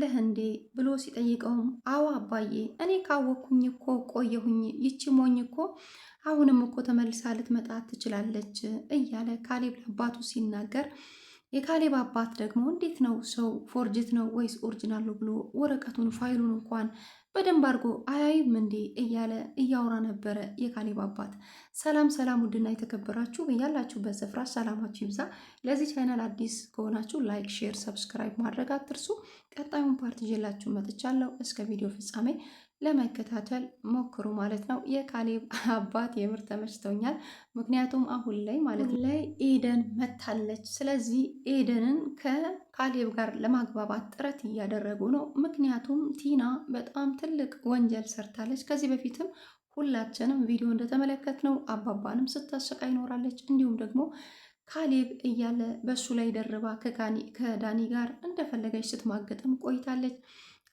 አለህ እንዴ ብሎ ሲጠይቀውም አዎ አባዬ፣ እኔ ካወቅኩኝ እኮ ቆየሁኝ። ይቺ ሞኝ እኮ አሁንም እኮ ተመልሳ ልትመጣ ትችላለች እያለ ካሌብ አባቱ ሲናገር የካሌብ አባት ደግሞ እንዴት ነው ሰው ፎርጅት ነው ወይስ ኦሪጂናል ብሎ ወረቀቱን ፋይሉን እንኳን በደንብ አድርጎ አያይም እንዴ እያለ እያወራ ነበረ የካሌብ አባት። ሰላም ሰላም፣ ውድና የተከበራችሁ በያላችሁበት ስፍራ ሰላማችሁ ይብዛ። ለዚህ ቻናል አዲስ ከሆናችሁ ላይክ፣ ሼር፣ ሰብስክራይብ ማድረግ አትርሱ። ቀጣዩን ፓርት ይዤላችሁ መጥቻለሁ። እስከ ቪዲዮ ፍጻሜ ለመከታተል ሞክሩ ማለት ነው። የካሌብ አባት የምር ተመችቶኛል። ምክንያቱም አሁን ላይ ማለት ላይ ኤደን መታለች። ስለዚህ ኤደንን ከካሌብ ጋር ለማግባባት ጥረት እያደረጉ ነው። ምክንያቱም ቲና በጣም ትልቅ ወንጀል ሰርታለች። ከዚህ በፊትም ሁላችንም ቪዲዮ እንደተመለከትነው አባባንም ስታሰቃይ ይኖራለች። እንዲሁም ደግሞ ካሌብ እያለ በሱ ላይ ደርባ ከዳኒ ጋር እንደፈለገች ስትማገጥም ቆይታለች።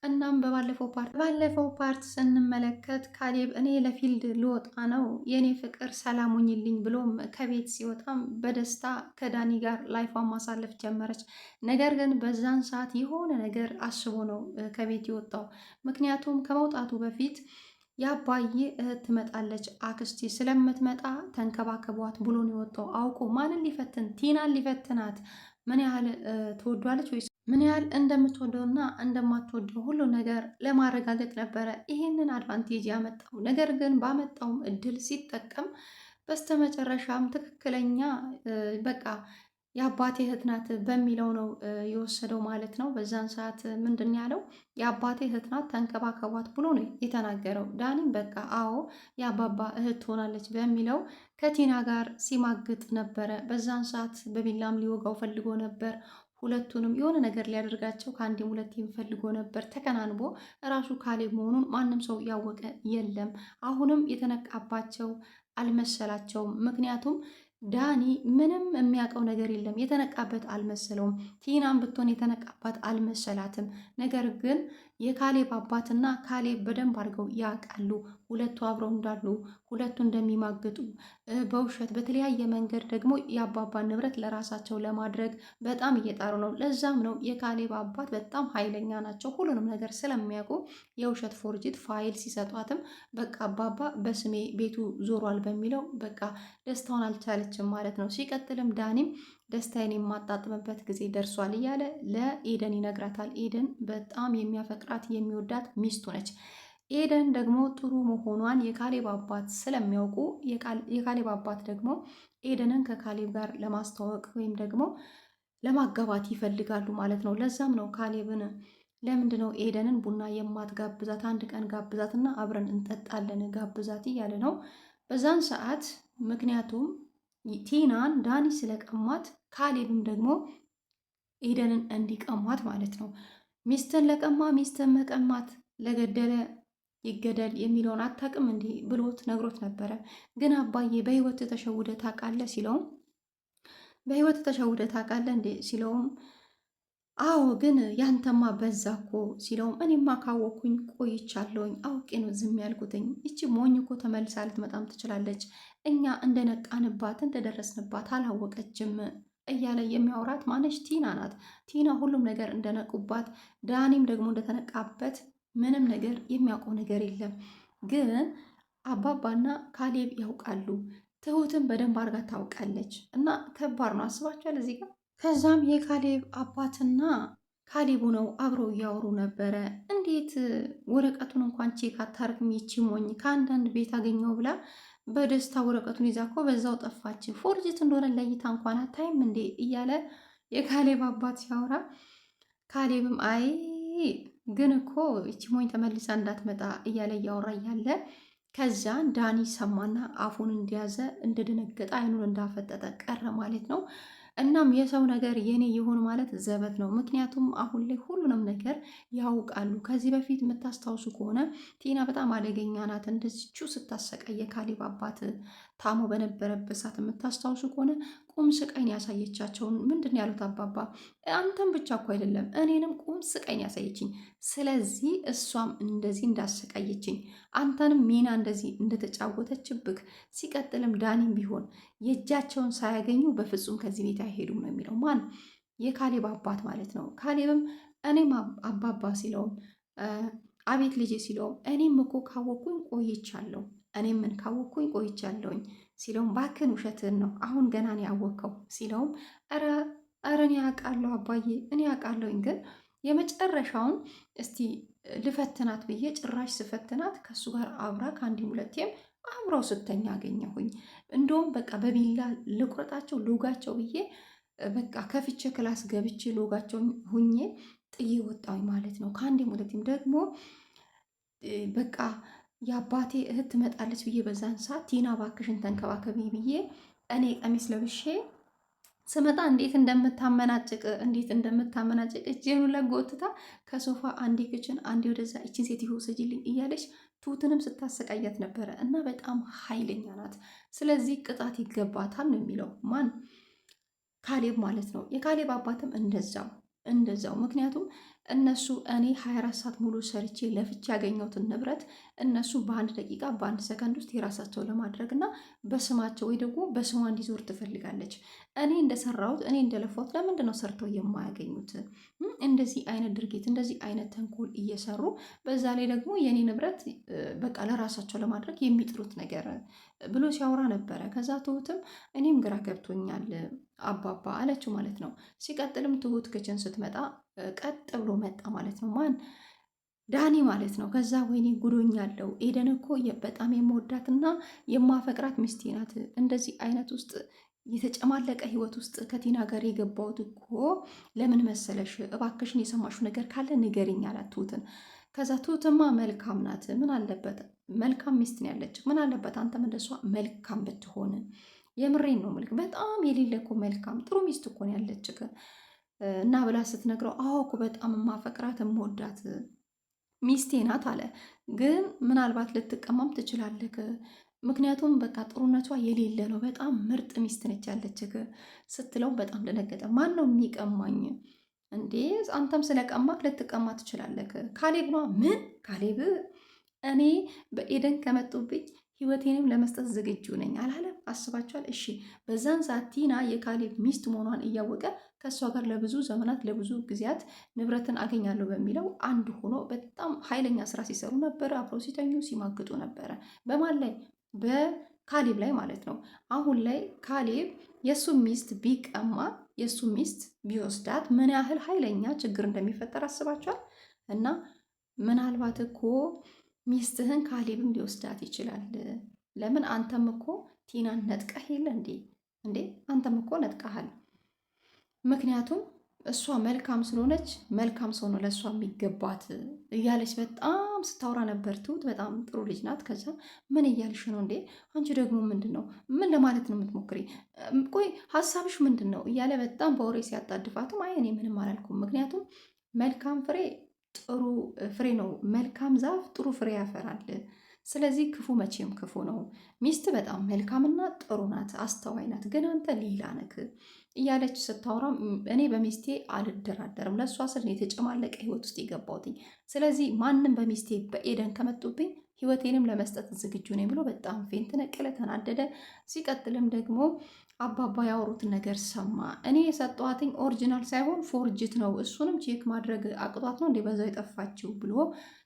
እናም በባለፈው ፓርት ባለፈው ፓርት ስንመለከት ካሌብ እኔ ለፊልድ ልወጣ ነው የእኔ ፍቅር ሰላሙኝልኝ ብሎም ከቤት ሲወጣም በደስታ ከዳኒ ጋር ላይፏን ማሳለፍ ጀመረች። ነገር ግን በዛን ሰዓት የሆነ ነገር አስቦ ነው ከቤት የወጣው። ምክንያቱም ከመውጣቱ በፊት የአባዬ እህት ትመጣለች፣ አክስቴ ስለምትመጣ ተንከባከቧት ብሎ ነው የወጣው። አውቆ ማንን ሊፈትን ቲናን ሊፈትናት ምን ያህል ትወዷለች ወይ ምን ያህል እንደምትወደውና እንደማትወደው ሁሉ ነገር ለማረጋገጥ ነበረ ይህንን አድቫንቴጅ ያመጣው። ነገር ግን ባመጣውም እድል ሲጠቀም በስተመጨረሻም ትክክለኛ በቃ የአባቴ እህት ናት በሚለው ነው የወሰደው ማለት ነው። በዛን ሰዓት ምንድን ያለው የአባቴ እህት ናት ተንከባከቧት ብሎ ነው የተናገረው። ዳኒም በቃ አዎ የአባባ እህት ትሆናለች በሚለው ከቲና ጋር ሲማግጥ ነበረ። በዛን ሰዓት በቢላም ሊወጋው ፈልጎ ነበር። ሁለቱንም የሆነ ነገር ሊያደርጋቸው ከአንዴም ሁለቴም ፈልጎ ነበር። ተከናንቦ ራሱ ካሌብ መሆኑን ማንም ሰው ያወቀ የለም። አሁንም የተነቃባቸው አልመሰላቸውም። ምክንያቱም ዳኒ ምንም የሚያውቀው ነገር የለም። የተነቃበት አልመሰለውም። ቲናም ብትሆን የተነቃባት አልመሰላትም። ነገር ግን የካሌብ አባትና ካሌብ በደንብ አድርገው ያውቃሉ። ሁለቱ አብረው እንዳሉ፣ ሁለቱ እንደሚማግጡ በውሸት በተለያየ መንገድ ደግሞ የአባባን ንብረት ለራሳቸው ለማድረግ በጣም እየጣሩ ነው። ለዛም ነው የካሌብ አባት በጣም ኃይለኛ ናቸው። ሁሉንም ነገር ስለሚያውቁ የውሸት ፎርጅት ፋይል ሲሰጧትም በቃ አባባ በስሜ ቤቱ ዞሯል በሚለው በቃ ደስታውን አልቻለችም ማለት ነው። ሲቀጥልም ዳኒም ደስታዬን የማጣጥምበት ጊዜ ደርሷል እያለ ለኤደን ይነግራታል። ኤደን በጣም የሚያፈቅራት የሚወዳት ሚስቱ ነች። ኤደን ደግሞ ጥሩ መሆኗን የካሌብ አባት ስለሚያውቁ የካሌብ አባት ደግሞ ኤደንን ከካሌብ ጋር ለማስተዋወቅ ወይም ደግሞ ለማጋባት ይፈልጋሉ ማለት ነው። ለዛም ነው ካሌብን ለምንድን ነው ኤደንን ቡና የማትጋብዛት? አንድ ቀን ጋብዛትና አብረን እንጠጣለን ጋብዛት እያለ ነው በዛን ሰዓት። ምክንያቱም ቲናን ዳኒ ስለቀማት ካሌብም ደግሞ ኤደንን እንዲቀሟት ማለት ነው። ሚስትን ለቀማ ሚስትን መቀማት ለገደለ ይገደል የሚለውን አታውቅም እንዲህ ብሎት ነግሮት ነበረ። ግን አባዬ በህይወት ተሸውደ ታውቃለ ሲለውም በህይወት ተሸውደ ታውቃለ እንዴ ሲለውም አዎ ግን ያንተማ በዛ እኮ ሲለውም እኔማ ካወኩኝ ቆይቻለሁኝ አውቄ ነው ዝም ያልኩትኝ። እቺ ሞኝ እኮ ተመልሳ ልትመጣም ትችላለች። እኛ እንደነቃንባት እንደደረስንባት አላወቀችም እያለ የሚያወራት ማነች? ቲና ናት። ቲና ሁሉም ነገር እንደነቁባት፣ ዳኒም ደግሞ እንደተነቃበት ምንም ነገር የሚያውቀው ነገር የለም። ግን አባባና ካሌብ ያውቃሉ። ትሁትን በደንብ አድርጋ ታውቃለች። እና ከባድ ነው። አስባችኋል እዚህ ጋር። ከዛም የካሌብ አባትና ካሌቡ ነው አብረው እያወሩ ነበረ። እንዴት ወረቀቱን እንኳን ቼክ አታርግም? ይቺ ሞኝ ከአንዳንድ ቤት አገኘው ብላ በደስታ ወረቀቱን ይዛ እኮ በዛው ጠፋች። ፎርጅት እንደሆነ ለይታ እንኳን አታይም እንዴ እያለ የካሌብ አባት ሲያወራ፣ ካሌብም አይ ግን እኮ ይቺ ሞኝ ተመልሳ እንዳትመጣ እያለ እያወራ እያለ ከዛ ዳኒ ሰማና አፉን እንደያዘ እንደደነገጠ አይኑን እንዳፈጠጠ ቀረ ማለት ነው። እናም የሰው ነገር የኔ ይሁን ማለት ዘበት ነው። ምክንያቱም አሁን ላይ ሁሉንም ነገር ያውቃሉ። ከዚህ በፊት የምታስታውሱ ከሆነ ቲና በጣም አደገኛ ናት። እንደዚቹ ስታሰቃየ ካሊብ አባት ታሞ በነበረበት ሰዓት የምታስታውሱ ከሆነ ቁም ስቀኝ ያሳየቻቸውን ምንድን ነው ያሉት አባባ፣ አንተም ብቻ እኮ አይደለም እኔንም ቁም ስቀኝ ያሳየችኝ። ስለዚህ እሷም እንደዚህ እንዳሰቃየችኝ አንተንም ሚና እንደዚህ እንደተጫወተችብክ፣ ሲቀጥልም ዳኒም ቢሆን የእጃቸውን ሳያገኙ በፍጹም ከዚህ ቤት አይሄዱም ነው የሚለው ማን የካሌብ አባት ማለት ነው። ካሌብም እኔም አባባ ሲለውም አቤት ልጄ ሲለውም እኔም እኮ ካወቅኩኝ ቆይቻለሁ እኔም ምን ካወቅኩኝ ቆይቻለሁኝ ሲለውም ባክን ውሸትን ነው አሁን ገና ነው ያወቀው ሲለውም ኧረ ኧረ እኔ አውቃለሁ አባዬ እኔ አውቃለሁኝ ግን የመጨረሻውን እስቲ ልፈትናት ብዬ ጭራሽ ስፈትናት ከእሱ ጋር አብራ ከአንዲም ሁለቴም አብረው ስተኛ አገኘሁኝ። እንደውም በቃ በቢላ ልቁረጣቸው ልውጋቸው ብዬ በቃ ከፍቼ ክላስ ገብቼ ልውጋቸው ሁኜ ጥዬ ወጣሁኝ ማለት ነው። ከአንዲም ሁለቴም ደግሞ በቃ የአባቴ እህት ትመጣለች ብዬ በዛን ሰዓት ቲና ባክሽን ተንከባከቢ ብዬ እኔ ቀሚስ ለብሼ ስመጣ እንዴት እንደምታመናጭቅ እንዴት እንደምታመናጭቅ እጄን ለጎትታ ከሶፋ አንዴ ክችን አንዴ ወደዛ እችን ሴትዮ ስጅልኝ እያለች ቱትንም ስታሰቃያት ነበረ እና በጣም ኃይለኛ ናት። ስለዚህ ቅጣት ይገባታል ነው የሚለው ማን ካሌብ ማለት ነው። የካሌብ አባትም እንደዛው እንደዛው ምክንያቱም እነሱ እኔ 24 ሰዓት ሙሉ ሰርቼ ለፍቼ ያገኘሁትን ንብረት እነሱ በአንድ ደቂቃ በአንድ ሰከንድ ውስጥ የራሳቸው ለማድረግ እና በስማቸው ወይ ደግሞ በስሟ እንዲዞር ትፈልጋለች። እኔ እንደሰራሁት እኔ እንደለፋሁት ለምንድን ነው ሰርተው የማያገኙት? እንደዚህ አይነት ድርጊት እንደዚህ አይነት ተንኮል እየሰሩ በዛ ላይ ደግሞ የእኔ ንብረት በቃ ለራሳቸው ለማድረግ የሚጥሩት ነገር ብሎ ሲያወራ ነበረ። ከዛ ትሁትም እኔም ግራ ገብቶኛል አባባ አለችው ማለት ነው። ሲቀጥልም ትሁት ክችን ስትመጣ ቀጥ ብሎ መጣ ማለት ነው። ማን ዳኒ ማለት ነው። ከዛ ወይኔ ጉዶኝ ያለው ኤደን እኮ በጣም የምወዳትና የማፈቅራት ሚስቴ ናት። እንደዚህ አይነት ውስጥ የተጨማለቀ ህይወት ውስጥ ከቲና ጋር የገባሁት እኮ ለምን መሰለሽ፣ እባክሽን የሰማሽው ነገር ካለ ንገሪኝ አላት ትሁትን። ከዛ ትሁትማ መልካም ናት፣ ምን አለበት መልካም ሚስት ነው ያለች፣ ምን አለበት አንተ እንደሷ መልካም ብትሆን። የምሬን ነው ምልክ በጣም የሌለ እኮ መልካም ጥሩ ሚስት እኮ ነው ያለች እና ብላ ስትነግረው አዎ እኮ በጣም የማፈቅራት የምወዳት ሚስቴ ናት አለ። ግን ምናልባት ልትቀማም ትችላለህ። ምክንያቱም በቃ ጥሩነቷ የሌለ ነው። በጣም ምርጥ ሚስት ነች ያለችህ ስትለው በጣም ደነገጠ። ማን ነው የሚቀማኝ? እንዴ አንተም ስለቀማክ ልትቀማ ትችላለህ። ካሌብ ነዋ። ምን ካሌብ? እኔ በኤደን ከመጡብኝ ህይወቴንም ለመስጠት ዝግጁ ነኝ አላለም። አስባችኋል? እሺ በዛን ሰዓት ቲና የካሌብ ሚስት መሆኗን እያወቀ ከእሷ ጋር ለብዙ ዘመናት ለብዙ ጊዜያት ንብረትን አገኛለሁ በሚለው አንድ ሆኖ በጣም ኃይለኛ ስራ ሲሰሩ ነበረ። አብረው ሲተኙ ሲማግጡ ነበረ። በማን ላይ? በካሌብ ላይ ማለት ነው። አሁን ላይ ካሌብ የእሱ ሚስት ቢቀማ የእሱ ሚስት ቢወስዳት ምን ያህል ኃይለኛ ችግር እንደሚፈጠር አስባችኋል? እና ምናልባት እኮ ሚስትህን ካሌብም ሊወስዳት ይችላል። ለምን አንተም እኮ ቲናን ነጥቀህ የለ እንዴ? እንዴ አንተም እኮ ነጥቀሃል። ምክንያቱም እሷ መልካም ስለሆነች መልካም ሰው ነው ለእሷ የሚገባት እያለች በጣም ስታወራ ነበር። ትሁት በጣም ጥሩ ልጅ ናት። ከዛ ምን እያልሽ ነው እንዴ? አንቺ ደግሞ ምንድን ነው ምን ለማለት ነው የምትሞክሪ? ቆይ ሀሳብሽ ምንድን ነው እያለ በጣም በወሬ ሲያጣድፋትም አይ እኔ ምንም አላልኩም። ምክንያቱም መልካም ፍሬ ጥሩ ፍሬ ነው። መልካም ዛፍ ጥሩ ፍሬ ያፈራል። ስለዚህ ክፉ መቼም ክፉ ነው። ሚስት በጣም መልካምና ጥሩ ናት፣ አስተዋይ ናት። ግን አንተ ሌላ ነክ እያለች ስታወራ እኔ በሚስቴ አልደራደርም፣ ለእሷ ስል የተጨማለቀ ህይወት ውስጥ የገባሁትኝ። ስለዚህ ማንም በሚስቴ በኤደን ከመጡብኝ ህይወቴንም ለመስጠት ዝግጁ ነኝ ብሎ በጣም ፌንት ነቀለ፣ ተናደደ። ሲቀጥልም ደግሞ አባባ ያወሩት ነገር ሰማ። እኔ የሰጧትኝ ኦሪጂናል ሳይሆን ፎርጅት ነው፣ እሱንም ቼክ ማድረግ አቅቷት ነው እንደ በዛው የጠፋችው ብሎ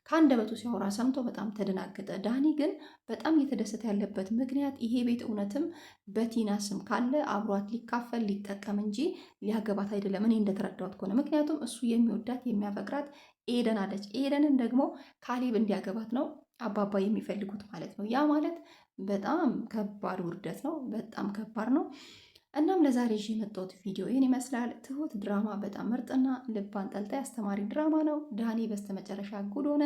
ከአንደበቱ ሲያወራ ሰምቶ በጣም ተደናገጠ። ዳኒ ግን በጣም እየተደሰተ ያለበት ምክንያት ይሄ ቤት እውነትም በቲና ስም ካለ አብሯት ሊካፈል ሊጠቀም እንጂ ሊያገባት አይደለም። እኔ እንደተረዳሁት ከሆነ ምክንያቱም እሱ የሚወዳት የሚያፈቅራት ኤደን አለች። ኤደንን ደግሞ ካሌብ እንዲያገባት ነው አባባ የሚፈልጉት ማለት ነው። ያ ማለት በጣም ከባድ ውርደት ነው። በጣም ከባድ ነው። እናም ለዛሬ ይዤ የመጣሁት ቪዲዮ ይህን ይመስላል። ትሁት ድራማ በጣም ምርጥና ልብ አንጠልጣይ አስተማሪ ድራማ ነው። ዳኒ በስተመጨረሻ ጉድ ሆነ።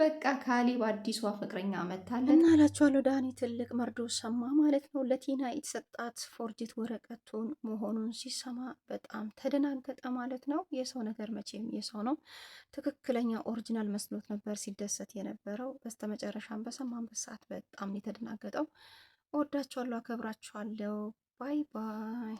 በቃ ካሌብ አዲሷ ፍቅረኛ መታለች እና እላችኋለሁ፣ ዳኒ ትልቅ መርዶ ሰማ ማለት ነው። ለቲና የተሰጣት ፎርጅት ወረቀቱን መሆኑን ሲሰማ በጣም ተደናገጠ ማለት ነው። የሰው ነገር መቼም የሰው ነው። ትክክለኛ ኦሪጂናል መስሎት ነበር ሲደሰት የነበረው። በስተመጨረሻም በሰማንበት ሰዓት በጣም የተደናገጠው። እወዳችኋለሁ፣ አከብራችኋለሁ። ባይ ባይ።